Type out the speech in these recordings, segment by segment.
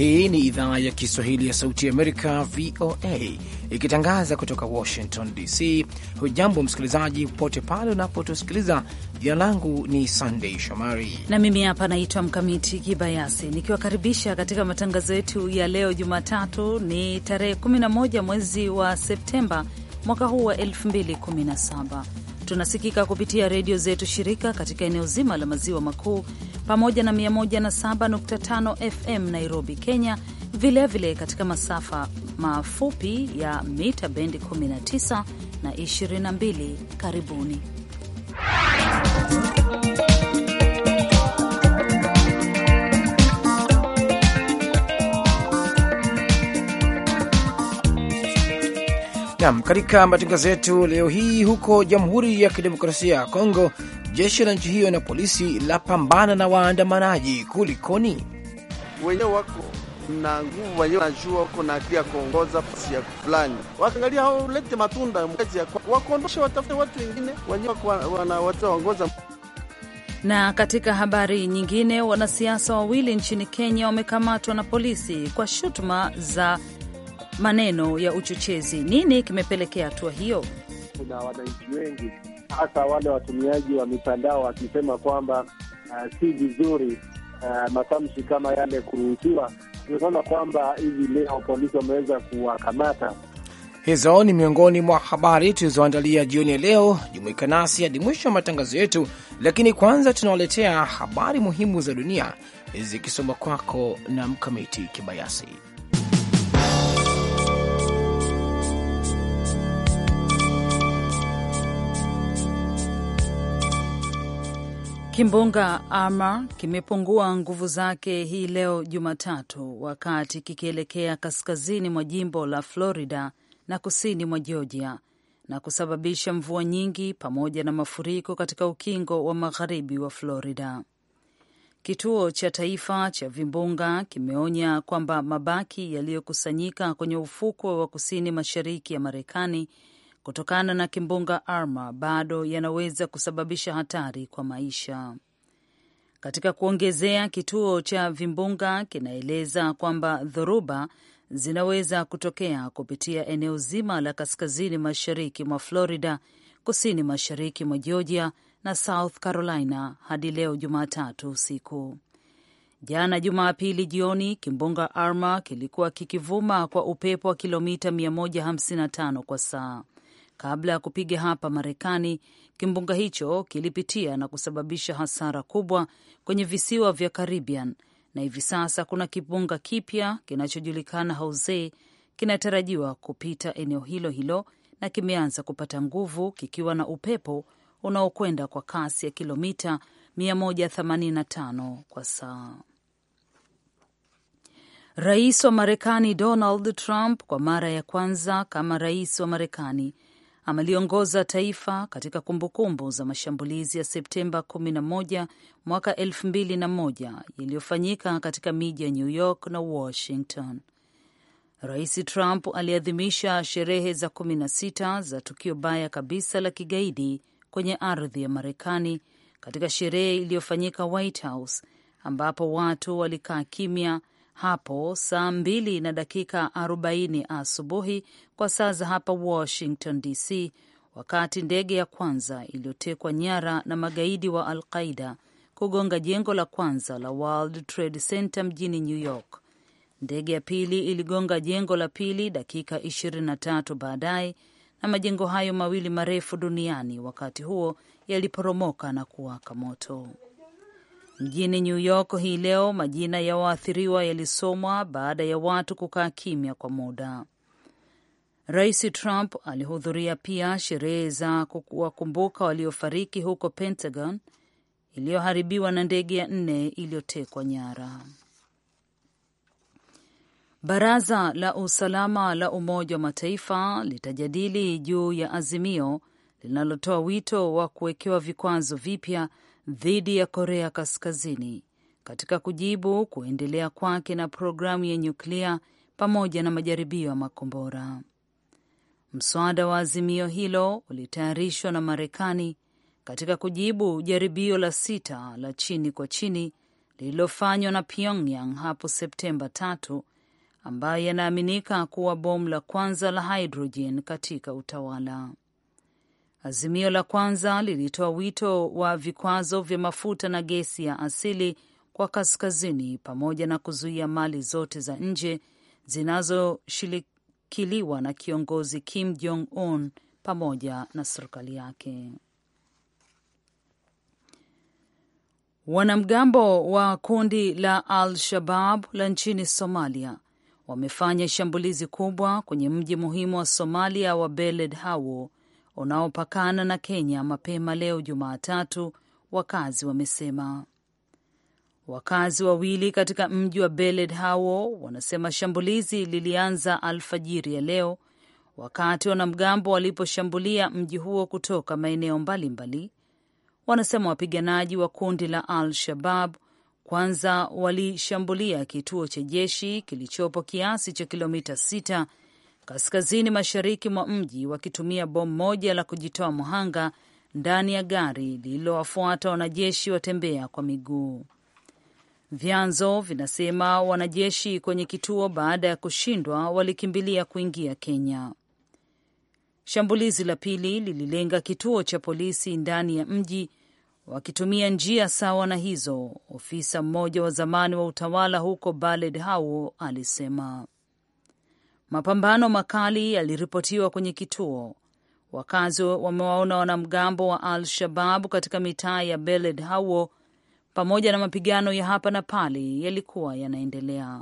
Hii ni idhaa ya Kiswahili ya Sauti Amerika, VOA, ikitangaza kutoka Washington DC. Hujambo msikilizaji, popote pale unapotusikiliza. Jina langu ni Sandei Shomari na mimi hapa naitwa Mkamiti Kibayasi, nikiwakaribisha katika matangazo yetu ya leo. Jumatatu ni tarehe 11 mwezi wa Septemba mwaka huu wa 2017 Tunasikika kupitia redio zetu shirika katika eneo zima la maziwa makuu pamoja na 107.5 FM Nairobi, Kenya, vilevile vile katika masafa mafupi ya mita bendi 19 na 22. Karibuni Nam, katika matangazo yetu leo hii, huko Jamhuri ya Kidemokrasia ya Kongo, jeshi la nchi hiyo na polisi la pambana na waandamanaji. Kulikoni? wenyewe wako na nguvu wenyewe najua wako na akili ya kuongoza pasi ya fulani, wakangalia hao lete matunda mkazi ya wakuondosha, watafute watu wengine wenyewe wanaongoza. Na katika habari nyingine, wanasiasa wawili nchini Kenya wamekamatwa na polisi kwa shutuma za maneno ya uchochezi. Nini kimepelekea hatua hiyo? Kuna wananchi wengi hasa wale watumiaji wa mitandao wakisema kwamba uh, si vizuri uh, matamshi kama yale kuruhusiwa. Tunaona kwamba hivi leo polisi wameweza kuwakamata. Hizo ni miongoni mwa habari tulizoandalia jioni ya leo. Jumuika nasi hadi mwisho wa matangazo yetu, lakini kwanza tunawaletea habari muhimu za dunia zikisoma kwako na Mkamiti Kibayasi. Kimbunga Ama kimepungua nguvu zake hii leo Jumatatu wakati kikielekea kaskazini mwa jimbo la Florida na kusini mwa Georgia na kusababisha mvua nyingi pamoja na mafuriko katika ukingo wa magharibi wa Florida. Kituo cha taifa cha vimbunga kimeonya kwamba mabaki yaliyokusanyika kwenye ufukwe wa kusini mashariki ya Marekani kutokana na kimbunga Irma bado yanaweza kusababisha hatari kwa maisha. Katika kuongezea, kituo cha vimbunga kinaeleza kwamba dhoruba zinaweza kutokea kupitia eneo zima la kaskazini mashariki mwa Florida, kusini mashariki mwa Georgia na South Carolina hadi leo Jumatatu usiku. Jana Jumapili jioni, kimbunga Arma kilikuwa kikivuma kwa upepo wa kilomita 155 kwa saa Kabla ya kupiga hapa Marekani, kimbunga hicho kilipitia na kusababisha hasara kubwa kwenye visiwa vya Caribbean, na hivi sasa kuna kimbunga kipya kinachojulikana Jose kinatarajiwa kupita eneo hilo hilo na kimeanza kupata nguvu kikiwa na upepo unaokwenda kwa kasi ya kilomita 185 kwa saa. Rais wa Marekani Donald Trump kwa mara ya kwanza kama rais wa Marekani ameliongoza taifa katika kumbukumbu za mashambulizi ya Septemba 11 mwaka 2001 yaliyofanyika katika miji ya New York na Washington. Rais Trump aliadhimisha sherehe za 16 za tukio baya kabisa la kigaidi kwenye ardhi ya Marekani katika sherehe iliyofanyika White House ambapo watu walikaa kimya hapo saa mbili na dakika 40 asubuhi kwa saa za hapa Washington DC, wakati ndege ya kwanza iliyotekwa nyara na magaidi wa Al Qaida kugonga jengo la kwanza la World Trade Center mjini New York. Ndege ya pili iligonga jengo la pili dakika 23 baadaye, na majengo hayo mawili marefu duniani wakati huo yaliporomoka na kuwaka moto. Mjini New York hii leo, majina ya waathiriwa yalisomwa baada ya watu kukaa kimya kwa muda. Rais Trump alihudhuria pia sherehe za kuwakumbuka waliofariki huko Pentagon iliyoharibiwa na ndege ya nne iliyotekwa nyara. Baraza la usalama la Umoja wa Mataifa litajadili juu ya azimio linalotoa wito wa kuwekewa vikwazo vipya dhidi ya Korea Kaskazini katika kujibu kuendelea kwake na programu ya nyuklia pamoja na majaribio ya makombora. Mswada wa azimio hilo ulitayarishwa na Marekani katika kujibu jaribio la sita la chini kwa chini lililofanywa na Pyongyang hapo Septemba tatu, ambayo yanaaminika kuwa bomu la kwanza la hidrojen katika utawala Azimio la kwanza lilitoa wito wa vikwazo vya mafuta na gesi ya asili kwa kaskazini pamoja na kuzuia mali zote za nje zinazoshirikiliwa na kiongozi Kim Jong Un pamoja na serikali yake. Wanamgambo wa kundi la Al-Shabab la nchini Somalia wamefanya shambulizi kubwa kwenye mji muhimu wa Somalia wa Beled unaopakana na Kenya mapema leo Jumatatu, wakazi wamesema. Wakazi wawili katika mji wa Beled Hawo wanasema shambulizi lilianza alfajiri ya leo wakati wanamgambo waliposhambulia mji huo kutoka maeneo mbalimbali. Wanasema wapiganaji wa kundi la Al Shabab kwanza walishambulia kituo cha jeshi kilichopo kiasi cha kilomita sita kaskazini mashariki mwa mji wakitumia bomu moja la kujitoa mhanga ndani ya gari lililowafuata wanajeshi watembea kwa miguu. Vyanzo vinasema wanajeshi kwenye kituo baada ya kushindwa walikimbilia kuingia Kenya. Shambulizi la pili lililenga kituo cha polisi ndani ya mji wakitumia njia sawa na hizo, ofisa mmoja wa zamani wa utawala huko Baled Hao alisema. Mapambano makali yaliripotiwa kwenye kituo. Wakazi wamewaona wanamgambo wa Al Shabab katika mitaa ya Beled Hawo, pamoja na mapigano ya hapa na pale yalikuwa yanaendelea.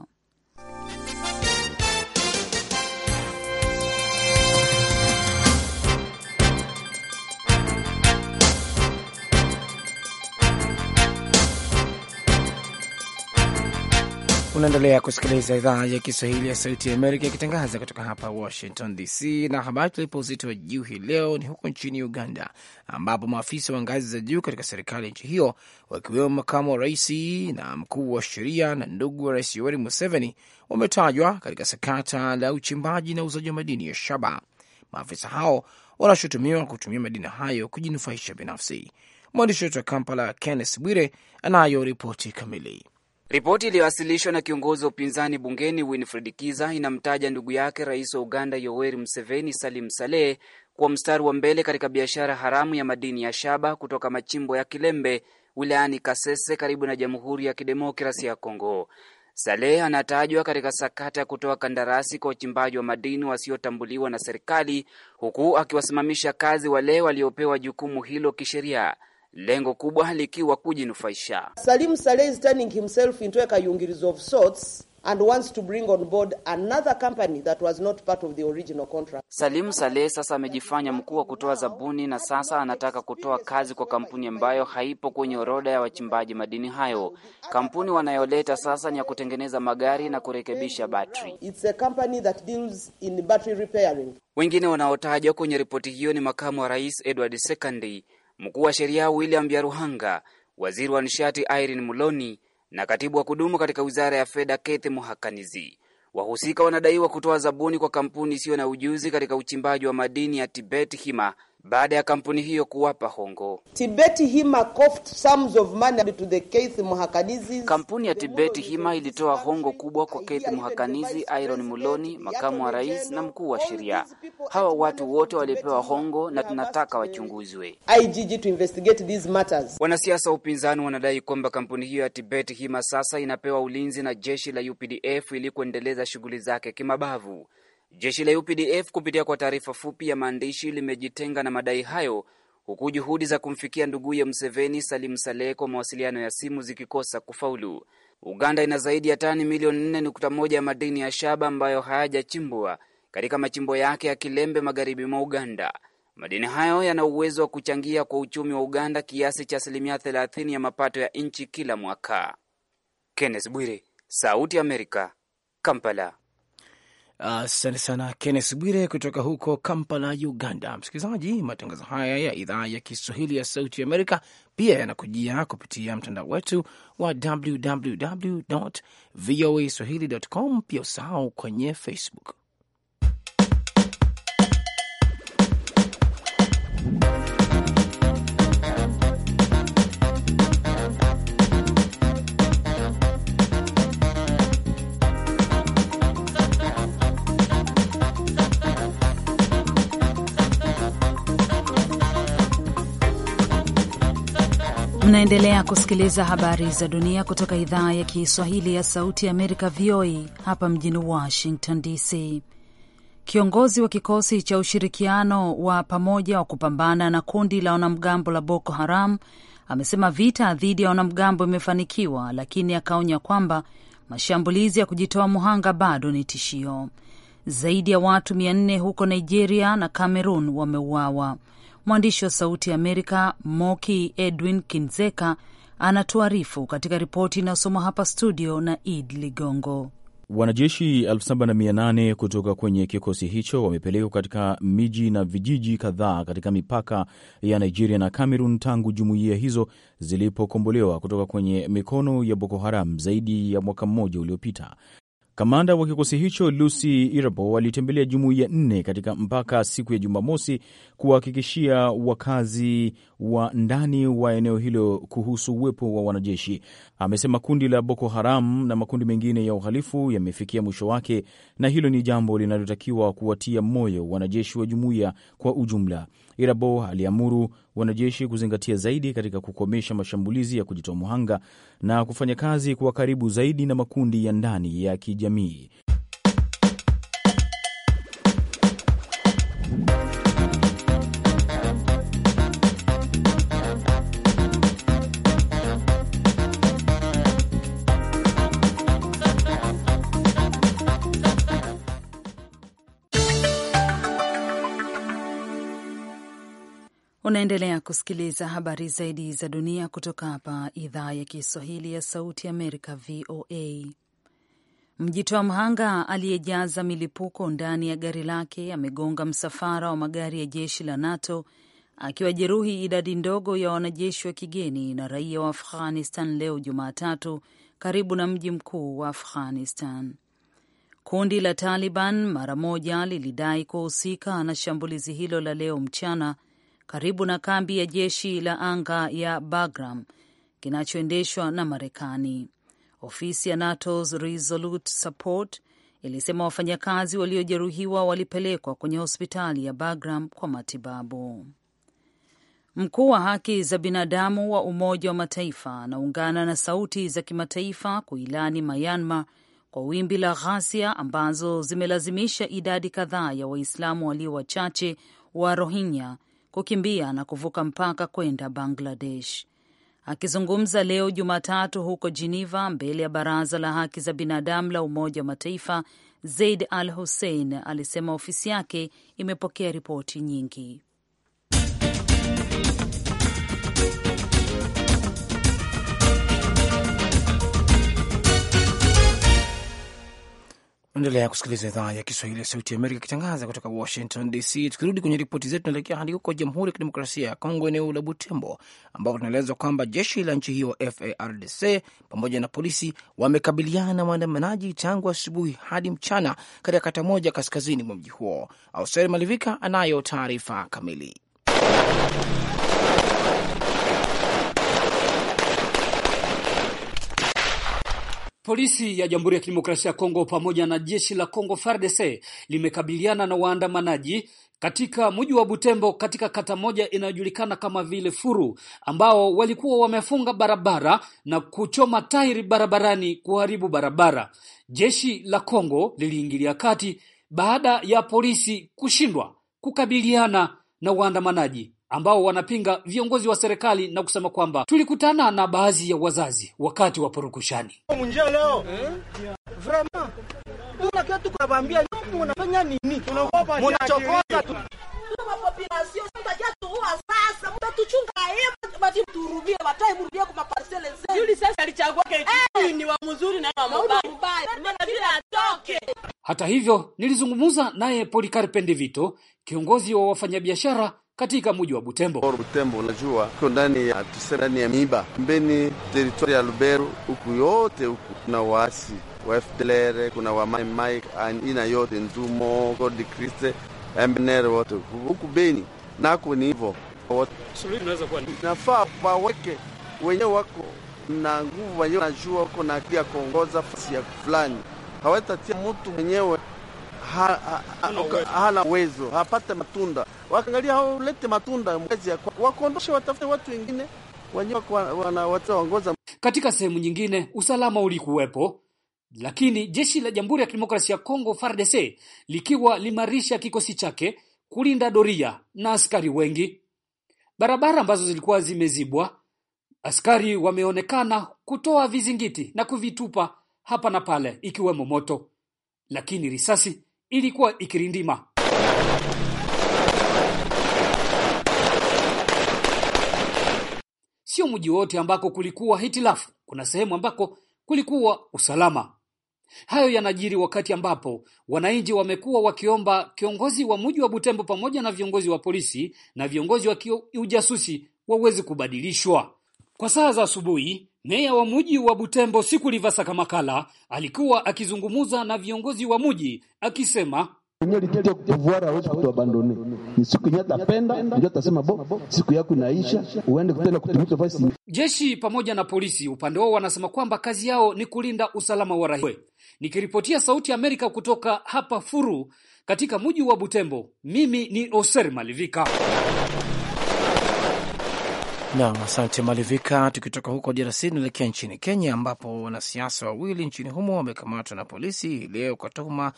Unaendelea kusikiliza idhaa ya Kiswahili ya Sauti ya Amerika ikitangaza kutoka hapa Washington DC. Na habari tulipo uzito wa juu hii leo ni huko nchini Uganda, ambapo maafisa wa ngazi za juu katika serikali ya nchi hiyo wakiwemo makamu wa rais na mkuu wa sheria na ndugu wa rais Yoweri Museveni wametajwa katika sakata la uchimbaji na uuzaji wa madini ya shaba. Maafisa hao wanashutumiwa kutumia madini hayo kujinufaisha binafsi. Mwandishi wetu wa Kampala, Kenneth Bwire, anayo ripoti kamili. Ripoti iliyowasilishwa na kiongozi wa upinzani bungeni Winfred Kiza inamtaja ndugu yake rais wa Uganda Yoweri Museveni Salim Saleh kuwa mstari wa mbele katika biashara haramu ya madini ya shaba kutoka machimbo ya Kilembe wilayani Kasese karibu na Jamhuri ya Kidemokrasia ya Kongo. Saleh anatajwa katika sakata ya kutoa kandarasi kwa uchimbaji wa madini wasiotambuliwa na serikali, huku akiwasimamisha kazi wale waliopewa jukumu hilo kisheria lengo kubwa likiwa kujinufaisha. Salim Saleh is turning himself into a kayungirizo of sorts and wants to bring on board another company that was not part of the original contract. Salim Saleh sasa amejifanya mkuu wa kutoa zabuni na sasa anataka kutoa kazi kwa kampuni ambayo haipo kwenye orodha ya wachimbaji madini hayo. Kampuni wanayoleta sasa ni ya kutengeneza magari na kurekebisha battery. It's a company that deals in battery repairing. Wengine wanaotajwa kwenye ripoti hiyo ni makamu wa rais Edward Sekandi mkuu wa sheria William Byaruhanga, waziri wa nishati Irene Muloni na katibu wa kudumu katika wizara ya fedha Kethi Muhakanizi. Wahusika wanadaiwa kutoa zabuni kwa kampuni isiyo na ujuzi katika uchimbaji wa madini ya Tibet Hima baada ya kampuni hiyo kuwapa hongo. Tibeti Hima coughed sums of money to the Keith Kampuni ya Tibeti Hima ilitoa hongo kubwa kwa Keith Muhakanizi, Iron Muloni, makamu wa rais na mkuu wa sheria. Hawa watu wote walipewa hongo na tunataka uh, wachunguzwe. IGG to investigate these matters. Wanasiasa wa upinzani wanadai kwamba kampuni hiyo ya Tibeti Hima sasa inapewa ulinzi na jeshi la UPDF ili kuendeleza shughuli zake kimabavu. Jeshi la UPDF kupitia kwa taarifa fupi ya maandishi limejitenga na madai hayo, huku juhudi za kumfikia nduguye Mseveni Salim Saleh kwa mawasiliano ya simu zikikosa kufaulu. Uganda ina zaidi ya tani milioni 4.1 ya madini ya shaba ambayo hayajachimbwa katika machimbo yake ya Kilembe, magharibi mwa Uganda. Madini hayo yana uwezo wa kuchangia kwa uchumi wa Uganda kiasi cha asilimia 30 ya mapato ya nchi kila mwaka. Kenneth Bwire, Sauti ya Amerika, Kampala. Asante uh, sana Kennes Bwire kutoka huko Kampala, Uganda. Msikilizaji, matangazo haya ya idhaa ya Kiswahili ya Sauti Amerika pia yanakujia kupitia mtandao wetu wa www voa swahili com. Pia usahau kwenye Facebook. Mnaendelea kusikiliza habari za dunia kutoka idhaa ya Kiswahili ya Sauti ya Amerika, VOA, hapa mjini Washington DC. Kiongozi wa kikosi cha ushirikiano wa pamoja wa kupambana na kundi la wanamgambo la Boko Haram amesema vita dhidi ya wanamgambo imefanikiwa, lakini akaonya kwamba mashambulizi ya kujitoa muhanga bado ni tishio. Zaidi ya watu mia nne huko Nigeria na Cameroon wameuawa. Mwandishi wa Sauti ya Amerika Moki Edwin Kinzeka anatuarifu katika ripoti inayosoma hapa studio na Id Ligongo. Wanajeshi 7800 kutoka kwenye kikosi hicho wamepelekwa katika miji na vijiji kadhaa katika mipaka ya Nigeria na Cameroon tangu jumuiya hizo zilipokombolewa kutoka kwenye mikono ya Boko Haram zaidi ya mwaka mmoja uliopita. Kamanda wa kikosi hicho Lucy Irabo alitembelea jumuiya nne katika mpaka siku ya Jumamosi kuwahakikishia wakazi wa ndani wa eneo hilo kuhusu uwepo wa wanajeshi. Amesema kundi la Boko Haram na makundi mengine ya uhalifu yamefikia mwisho wake, na hilo ni jambo linalotakiwa kuwatia moyo wanajeshi wa jumuiya kwa ujumla. Irabo aliamuru wanajeshi kuzingatia zaidi katika kukomesha mashambulizi ya kujitoa muhanga na kufanya kazi kwa karibu zaidi na makundi ya ndani ya kijamii Unaendelea kusikiliza habari zaidi za dunia kutoka hapa idhaa ya Kiswahili ya Sauti Amerika, VOA. Mjitoa mhanga aliyejaza milipuko ndani ya gari lake amegonga msafara wa magari ya jeshi la NATO akiwajeruhi idadi ndogo ya wanajeshi wa kigeni na raia wa Afghanistan leo Jumatatu, karibu na mji mkuu wa Afghanistan. Kundi la Taliban mara moja lilidai kuhusika na shambulizi hilo la leo mchana karibu na kambi ya jeshi la anga ya Bagram kinachoendeshwa na Marekani. Ofisi ya NATO's Resolute Support ilisema wafanyakazi waliojeruhiwa walipelekwa kwenye hospitali ya Bagram kwa matibabu. Mkuu wa haki za binadamu wa Umoja wa Mataifa anaungana na sauti za kimataifa kuilani Myanmar kwa wimbi la ghasia ambazo zimelazimisha idadi kadhaa ya Waislamu walio wachache wa Rohingya kukimbia na kuvuka mpaka kwenda Bangladesh. Akizungumza leo Jumatatu huko Geneva mbele ya Baraza la Haki za Binadamu la Umoja wa Mataifa, Zaid Al Hussein alisema ofisi yake imepokea ripoti nyingi. Endelea kusikiliza idhaa ya Kiswahili ya Sauti ya Amerika ikitangaza kutoka Washington DC. Tukirudi kwenye ripoti zetu, tunaelekea hadi huko Jamhuri ya Kidemokrasia ya Kongo, eneo la Butembo, ambapo tunaelezwa kwamba jeshi la nchi hiyo FARDC pamoja na polisi wamekabiliana na waandamanaji tangu asubuhi hadi mchana katika kata moja kaskazini mwa mji huo. Auseri Malivika anayo taarifa kamili. Polisi ya Jamhuri ya Kidemokrasia ya Kongo pamoja na jeshi la Kongo FARDC limekabiliana na waandamanaji katika mji wa Butembo katika kata moja inayojulikana kama vile Furu, ambao walikuwa wamefunga barabara na kuchoma tairi barabarani kuharibu barabara. Jeshi la Kongo liliingilia kati baada ya polisi kushindwa kukabiliana na waandamanaji ambao wanapinga viongozi wa serikali na kusema kwamba tulikutana na baadhi ya wazazi wakati wa porukushani eh! yaani hata hivyo, nilizungumza naye Polikarpe Ndivito, kiongozi wa wafanyabiashara katika mji wa Butembo. Butembo unajua uko ndani ya tuseme, ndani ya miba mbeni teritoria ya Luberu, huku yote huku kuna waasi wa FDLR, kuna wa Mai Mai ina yote Ndumo, Godi Kriste, MNR wote huku Beni nako ni hivyo. Nafaa waweke wenye wako na nguvu, wenyewe najua wako na akili ya kuongoza fasi ya fulani, hawatatia mtu mwenyewe hana uwezo hapate matunda wakaangalia lete matunda mwezi ya wakuondoshe, watafute watu wengine wenyewe wataongoza. Katika sehemu nyingine usalama ulikuwepo, lakini jeshi la Jamhuri ya Kidemokrasia ya Kongo FARDC likiwa limarisha kikosi chake kulinda doria na askari wengi. Barabara ambazo zilikuwa zimezibwa, askari wameonekana kutoa vizingiti na kuvitupa hapa na pale, ikiwemo moto, lakini risasi ilikuwa ikirindima. Sio mji wote ambako kulikuwa hitilafu, kuna sehemu ambako kulikuwa usalama. Hayo yanajiri wakati ambapo wananchi wamekuwa wakiomba kiongozi wa mji wa Butembo pamoja na viongozi wa polisi na viongozi wa ujasusi waweze kubadilishwa. Kwa saa za asubuhi, meya wa mji wa Butembo Siku Livasa Kamakala alikuwa akizungumza na viongozi wa mji akisema hawezi kutuabandone. Ni siku yenyewe atapenda ndio atasema bo, siku yako inaisha, uende kutenda kutumika Jeshi pamoja na polisi upande wao wanasema kwamba kazi yao ni kulinda usalama wa raia. Nikiripotia Sauti ya Amerika kutoka hapa Furu katika mji wa Butembo, mimi ni Oser Malivika. Nam, asante Malivika. Tukitoka huko DRC inaelekea nchini Kenya, ambapo wanasiasa wawili nchini humo wamekamatwa na polisi leo kwa tuhuma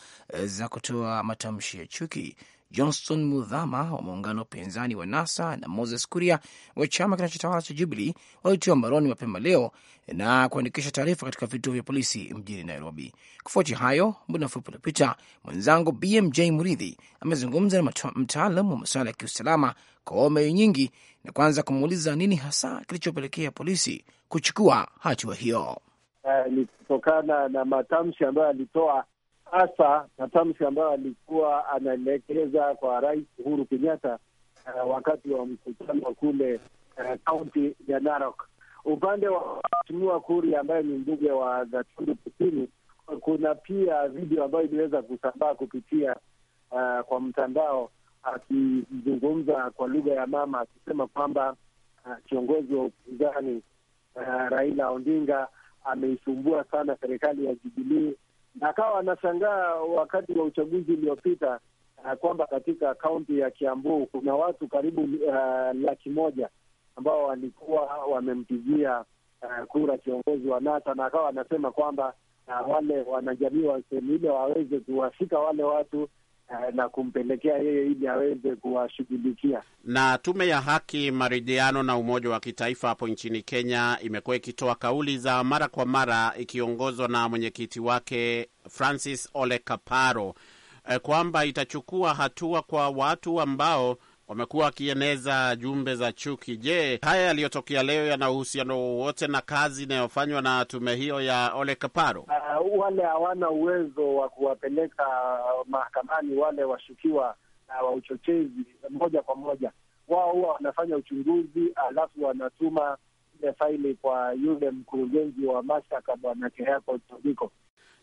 za kutoa matamshi ya chuki. Johnston Mudhama wa muungano wa upinzani wa NASA na Moses Kuria wa chama kinachotawala cha jubili walitiwa mbaroni mapema leo na kuandikisha taarifa katika vituo vya polisi mjini Nairobi. Kufuatia hayo, muda mfupi uliopita, mwenzangu BMJ Muridhi amezungumza na mtaalam wa masuala ya kiusalama Koome Nyingi na kwanza kumuuliza nini hasa kilichopelekea polisi kuchukua hatua hiyo. Uh, ni kutokana na matamshi ambayo alitoa hasa matamshi ambayo alikuwa anaelekeza kwa Rais Uhuru Kenyatta uh, wakati wa mkutano wa kule eh, kaunti uh, ya Narok. Upande wa Mheshimiwa Kuri ambaye ni mbunge wa Gatundu Kusini, kuna pia video ambayo iliweza kusambaa kupitia uh, kwa mtandao akizungumza kwa lugha ya mama akisema kwamba uh, kiongozi wa upinzani uh, Raila Odinga ameisumbua sana serikali ya Jubilii akawa anashangaa wakati wa uchaguzi uliopita eh, kwamba katika kaunti ya Kiambu kuna watu karibu uh, laki moja ambao walikuwa wamempigia uh, kura kiongozi wa NASA, na akawa anasema kwamba uh, wale wanajamii wa sehemu ile waweze kuwafika wale watu Eh, na kumpelekea yeye ili aweze kuwashughulikia. Na tume ya haki, maridhiano na umoja wa kitaifa hapo nchini Kenya imekuwa ikitoa kauli za mara kwa mara ikiongozwa na mwenyekiti wake Francis Ole Kaparo eh, kwamba itachukua hatua kwa watu ambao wamekuwa wakieneza jumbe za chuki. Je, haya yaliyotokea leo yana uhusiano wowote na kazi inayofanywa na tume hiyo ya Ole Kaparo? Uh, ah, wale hawana uwezo wa kuwapeleka uh, mahakamani wale washukiwa uh, wa uchochezi moja kwa moja. Wao huwa wanafanya uchunguzi alafu wanatuma ile faili kwa yule mkurugenzi wa mashtaka Bwana Kehako Tobiko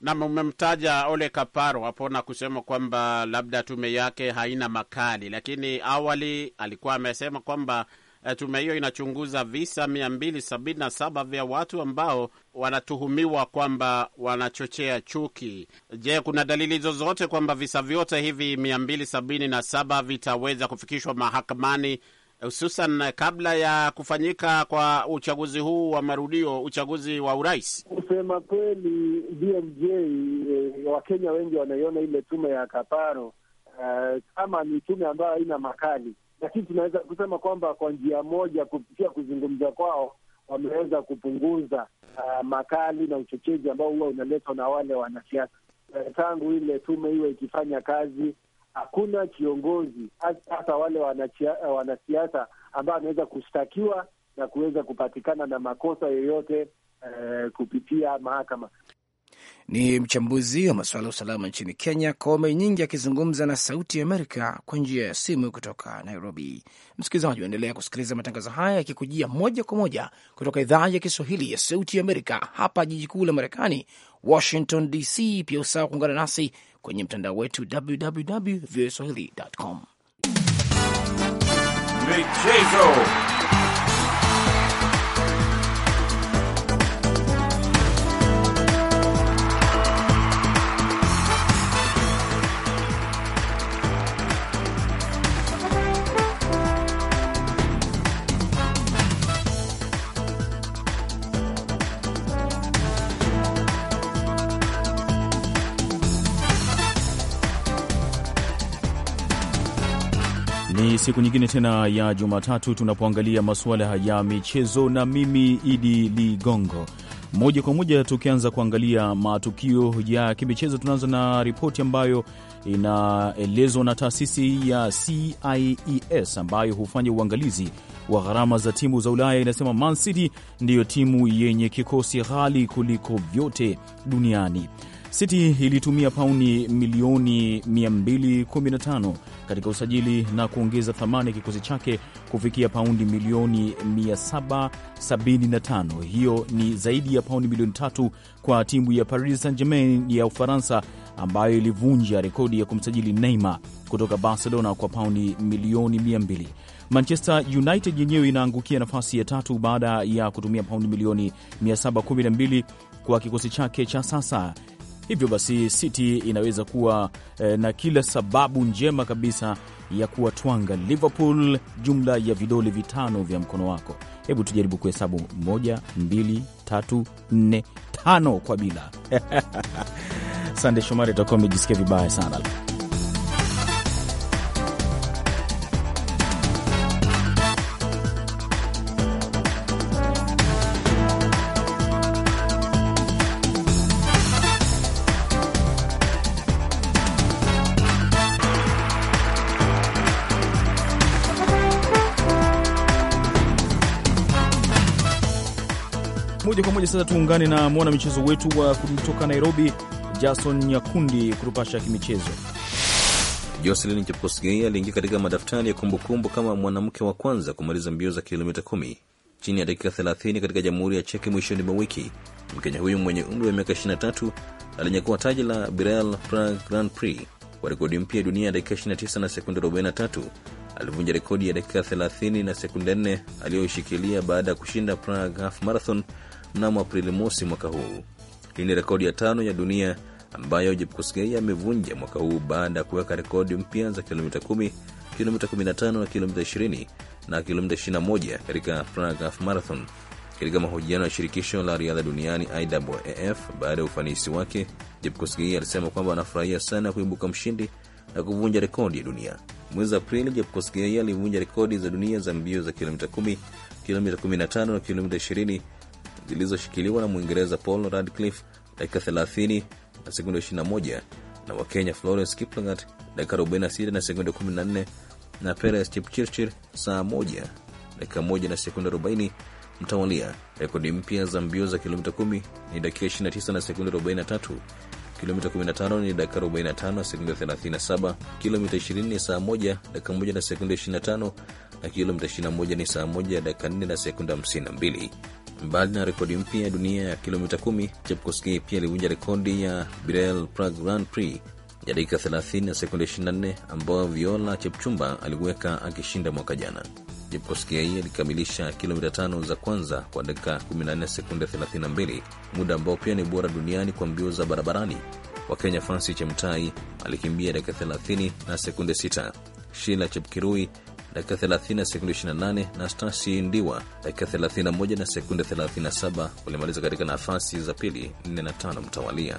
nam umemtaja Ole Kaparo hapo na kusema kwamba labda tume yake haina makali, lakini awali alikuwa amesema kwamba eh, tume hiyo inachunguza visa 277 vya watu ambao wanatuhumiwa kwamba wanachochea chuki. Je, kuna dalili zozote kwamba visa vyote hivi 277 vitaweza kufikishwa mahakamani hususan kabla ya kufanyika kwa uchaguzi huu wa marudio, uchaguzi wa urais. Kusema kweli, BMJ e, eh, Wakenya wengi wanaiona ile tume ya Kaparo e, kama ni tume ambayo haina makali, lakini tunaweza kusema kwamba kwa njia moja, kupitia kuzungumza kwao, wameweza kupunguza uh, makali na uchochezi ambao huwa unaletwa na wale wanasiasa uh, tangu ile tume iwe ikifanya kazi hakuna kiongozi hata wale wanasiasa ambao wanaweza kushtakiwa na kuweza kupatikana na makosa yoyote eh, kupitia mahakama. Ni mchambuzi wa masuala ya usalama nchini Kenya, Kome Nyingi akizungumza na Sauti ya Amerika kwa njia ya simu kutoka Nairobi. Msikilizaji, waendelea kusikiliza matangazo haya yakikujia moja kwa moja kutoka idhaa ya Kiswahili ya Sauti ya Amerika hapa jiji kuu la Marekani, Washington DC. Pia usawa kuungana nasi kwenye mtandao wetu www voaswahili.com. Michezo siku nyingine tena ya Jumatatu tunapoangalia masuala ya michezo na mimi Idi Ligongo. Moja kwa moja tukianza kuangalia matukio ya kimichezo, tunaanza na ripoti ambayo inaelezwa na taasisi ya CIES ambayo hufanya uangalizi wa gharama za timu za Ulaya. Inasema Man City ndiyo timu yenye kikosi ghali kuliko vyote duniani. City ilitumia pauni milioni 215 katika usajili na kuongeza thamani ya kikosi chake kufikia paundi milioni 775. Hiyo ni zaidi ya paundi milioni tatu kwa timu ya Paris Saint-Germain ya Ufaransa ambayo ilivunja rekodi ya kumsajili Neymar kutoka Barcelona kwa paundi milioni 200. Manchester United yenyewe inaangukia nafasi ya tatu baada ya kutumia paundi milioni 712 kwa kikosi chake cha sasa Hivyo basi City inaweza kuwa eh, na kila sababu njema kabisa ya kuwatwanga Liverpool jumla ya vidole vitano vya mkono wako. Hebu tujaribu kuhesabu: moja, mbili, tatu, nne, tano kwa bila Sande Shomari, atakuwa amejisikia vibaya sana. moja sasa tuungane na mwana michezo wetu wa kutoka Nairobi, Jason Nyakundi kutupasha kimichezo. Jocelyn Chepkosgei aliingia katika madaftari ya kumbukumbu kama mwanamke wa kwanza kumaliza mbio za kilomita kumi chini ya dakika 30 katika Jamhuri ya Cheki mwishoni mwa wiki. Mkenya huyu mwenye umri wa miaka 23 alinyakua taji la Birel Prague Grand Prix kwa rekodi mpya ya dunia ya dakika 29 na sekunde 43. Alivunja rekodi ya dakika 30 na sekunde 4 aliyoishikilia baada ya kushinda Prague Half Marathon mnamo Aprili mosi mwaka huu. Hii ni rekodi ya tano ya dunia ambayo Jepkosgei amevunja mwaka huu baada ya kuweka rekodi mpya za kilomita 1 kilomita 15 na kilomita 20 na kilomita 21 katika fragaf Marathon. Katika mahojiano ya shirikisho la riadha duniani IAAF baada ya ufanisi wake, Jepkosgei alisema kwamba anafurahia sana kuibuka mshindi na kuvunja rekodi ya dunia. Mwezi Aprili, Jepkosgei alivunja rekodi za dunia za mbio za kilomita 1 kilomita 15 na kilomita zilizoshikiliwa na Mwingereza Paul Radcliffe dakika 30 na sekunde 21 na Wakenya Florence Kiplangat dakika 46 na sekunde 14 na Perez Chipchirchir saa moja dakika moja na sekunde 40 mtawalia. Rekodi mpya za mbio za kilomita 10 ni dakika 29 na sekunde 43, kilomita 15 ni dakika 45 na sekunde 37, kilomita 20 ni saa moja dakika moja na sekunde 25 na kilomita 21 ni saa moja dakika 4 na sekunde 52. Mbali na rekodi mpya ya dunia ya kilomita 10, Chepkoski pia alivunja rekodi ya Birel Prague Grand Prix ya dakika 30 na sekunde 24 ambayo Viola Chepchumba aliweka akishinda mwaka jana. Jepkoskiai alikamilisha kilomita tano za kwanza kwa dakika 14 sekunde 32, muda ambao pia ni bora duniani kwa mbio za barabarani. wa kenya Francis Chemtai alikimbia dakika 30 na sekunde 6. Shila Chepkirui dakika 30 na sekunde 28 na Stasi Ndiwa dakika 31 na sekunde 37 walimaliza katika nafasi za pili 4 na 5 mtawalia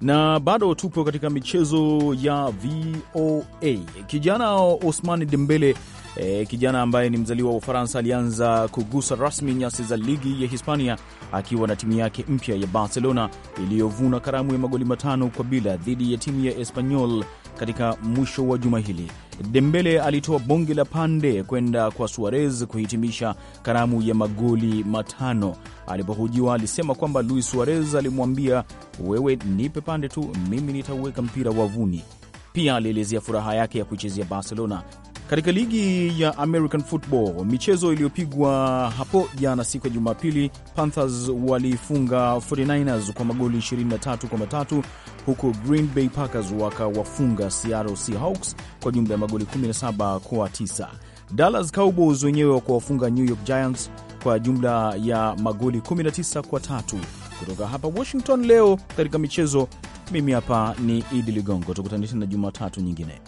na bado tupo katika michezo ya VOA. Kijana Osman Dembele e, kijana ambaye ni mzaliwa wa Ufaransa alianza kugusa rasmi nyasi za ligi ya Hispania akiwa na timu yake mpya ya Barcelona iliyovuna karamu ya magoli matano kwa bila dhidi ya timu ya Espanyol katika mwisho wa juma hili. Dembele alitoa bonge la pande kwenda kwa Suarez kuhitimisha karamu ya magoli matano. alipohujiwa alisema kwamba Luis Suarez alimwambia, wewe nipe pande tu, mimi nitauweka mpira wavuni. Pia alielezea furaha yake ya kuichezea Barcelona katika ligi ya American Football, michezo iliyopigwa hapo jana siku ya Jumapili, Panthers walifunga 49ers kwa magoli 23 kwa matatu, huku Green Bay Packers wakawafunga Seattle Seahawks kwa jumla ya magoli 17 kwa 9. Dallas Cowboys wenyewe wakawafunga New York Giants kwa jumla ya magoli 19 kwa tatu. Kutoka hapa Washington leo katika michezo, mimi hapa ni Idi Ligongo, tukutane tena Jumatatu nyingine.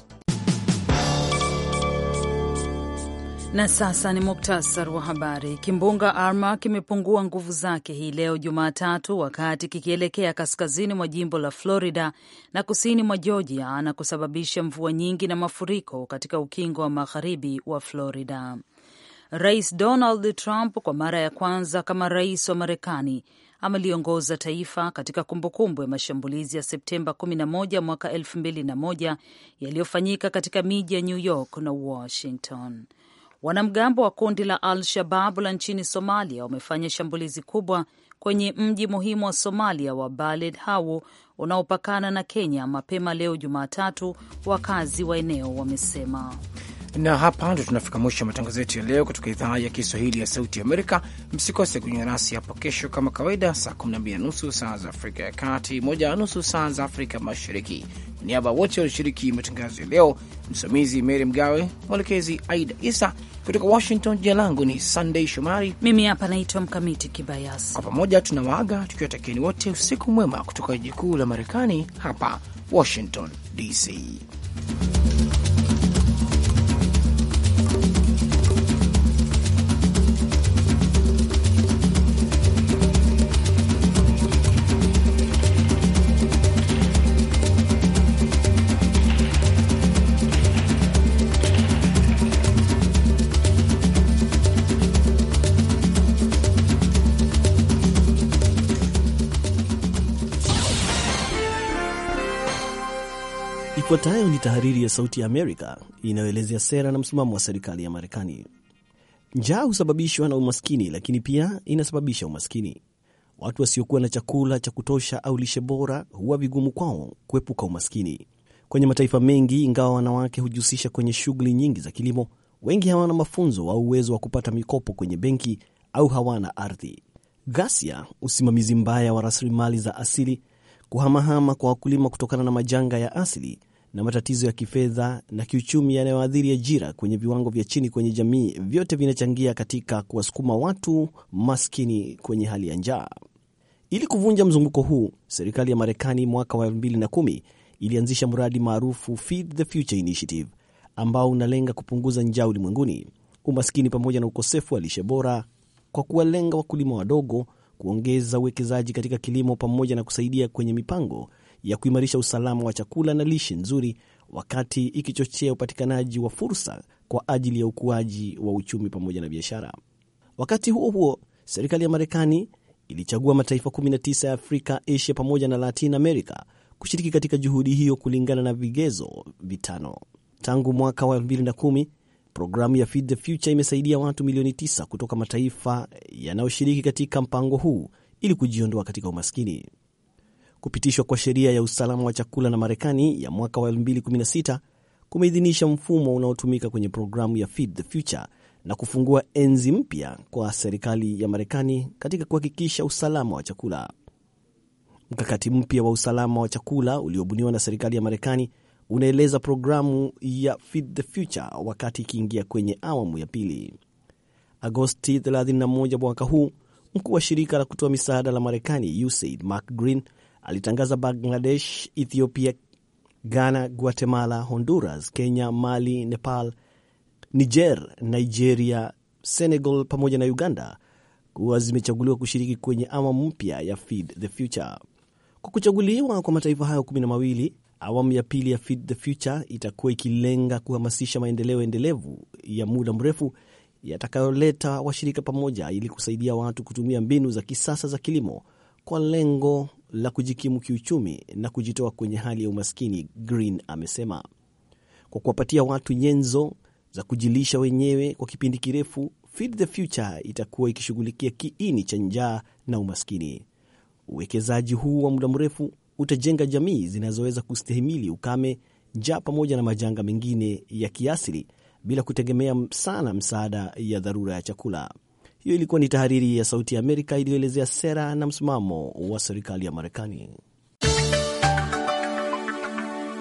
Na sasa ni muktasar wa habari. Kimbunga Arma kimepungua nguvu zake hii leo Jumatatu, wakati kikielekea kaskazini mwa jimbo la Florida na kusini mwa Georgia na kusababisha mvua nyingi na mafuriko katika ukingo wa magharibi wa Florida. Rais Donald Trump kwa mara ya kwanza kama rais wa Marekani ameliongoza taifa katika kumbukumbu ya mashambulizi ya Septemba 11 mwaka 2001 yaliyofanyika katika miji ya New York na Washington. Wanamgambo wa kundi la Al-Shabab la nchini Somalia wamefanya shambulizi kubwa kwenye mji muhimu wa Somalia wa Baled Hawu unaopakana na Kenya mapema leo Jumatatu, wakazi wa eneo wamesema. Na hapa ndo tunafika mwisho wa matangazo yetu ya leo kutoka idhaa ya Kiswahili ya Sauti Amerika. Msikose kujiunga nasi hapo kesho kama kawaida, saa 12 na nusu saa za Afrika ya Kati, moja na nusu saa za Afrika Mashariki. niaba ya wote walioshiriki matangazo ya leo, msimamizi mery Mgawe, mwelekezi Aida Isa. Kutoka Washington, jina langu ni sandey Shomari. Mimi hapa naitwa Mkamiti Kibayasi. Kwa pamoja tunawaaga tukiwatakieni wote usiku mwema kutoka jiji kuu la Marekani, hapa Washington DC. Ifuatayo ni tahariri ya Sauti ya Amerika inayoelezea sera na msimamo wa serikali ya Marekani. Njaa husababishwa na umaskini, lakini pia inasababisha umaskini. Watu wasiokuwa na chakula cha kutosha au lishe bora huwa vigumu kwao kuepuka umaskini. Kwenye mataifa mengi, ingawa wanawake hujihusisha kwenye shughuli nyingi za kilimo, wengi hawana mafunzo au uwezo wa kupata mikopo kwenye benki au hawana ardhi. Ghasia, usimamizi mbaya wa rasilimali za asili, kuhamahama kwa wakulima kutokana na majanga ya asili na matatizo ya kifedha na kiuchumi yanayoathiri ajira kwenye viwango vya chini kwenye jamii, vyote vinachangia katika kuwasukuma watu maskini kwenye hali ya njaa. Ili kuvunja mzunguko huu, serikali ya Marekani mwaka wa 2010 ilianzisha mradi maarufu Feed the Future Initiative ambao unalenga kupunguza njaa ulimwenguni, umaskini pamoja na ukosefu wa lishe bora kwa kuwalenga wakulima wadogo, kuongeza uwekezaji katika kilimo pamoja na kusaidia kwenye mipango ya kuimarisha usalama wa chakula na lishe nzuri, wakati ikichochea upatikanaji wa fursa kwa ajili ya ukuaji wa uchumi pamoja na biashara. Wakati huo huo, serikali ya Marekani ilichagua mataifa 19 ya Afrika, Asia pamoja na Latin America kushiriki katika juhudi hiyo kulingana na vigezo vitano. Tangu mwaka wa 2010 programu ya Feed the Future imesaidia watu milioni 9 kutoka mataifa yanayoshiriki katika mpango huu ili kujiondoa katika umaskini. Kupitishwa kwa sheria ya usalama wa chakula na Marekani ya mwaka wa 2016 kumeidhinisha mfumo unaotumika kwenye programu ya Feed the Future na kufungua enzi mpya kwa serikali ya Marekani katika kuhakikisha usalama wa chakula. Mkakati mpya wa usalama wa chakula uliobuniwa na serikali ya Marekani unaeleza programu ya Feed the Future wakati ikiingia kwenye awamu ya pili. Agosti 31 mwaka huu, mkuu wa shirika la kutoa misaada la Marekani USAID Mark Green alitangaza Bangladesh, Ethiopia, Ghana, Guatemala, Honduras, Kenya, Mali, Nepal, Niger, Nigeria, Senegal pamoja na Uganda kuwa zimechaguliwa kushiriki kwenye awamu mpya ya Feed the Future. Kwa kuchaguliwa kwa mataifa hayo kumi na mawili, awamu ya pili ya Feed the Future itakuwa ikilenga kuhamasisha maendeleo endelevu ya muda mrefu yatakayoleta washirika pamoja ili kusaidia watu kutumia mbinu za kisasa za kilimo kwa lengo la kujikimu kiuchumi na kujitoa kwenye hali ya umaskini, Green amesema. Kwa kuwapatia watu nyenzo za kujilisha wenyewe kwa kipindi kirefu, Feed the Future itakuwa ikishughulikia kiini cha njaa na umaskini. Uwekezaji huu wa muda mrefu utajenga jamii zinazoweza kustahimili ukame, njaa pamoja na majanga mengine ya kiasili bila kutegemea sana msaada ya dharura ya chakula. Hiyo ilikuwa ni tahariri ya Sauti ya Amerika iliyoelezea sera na msimamo wa serikali ya Marekani.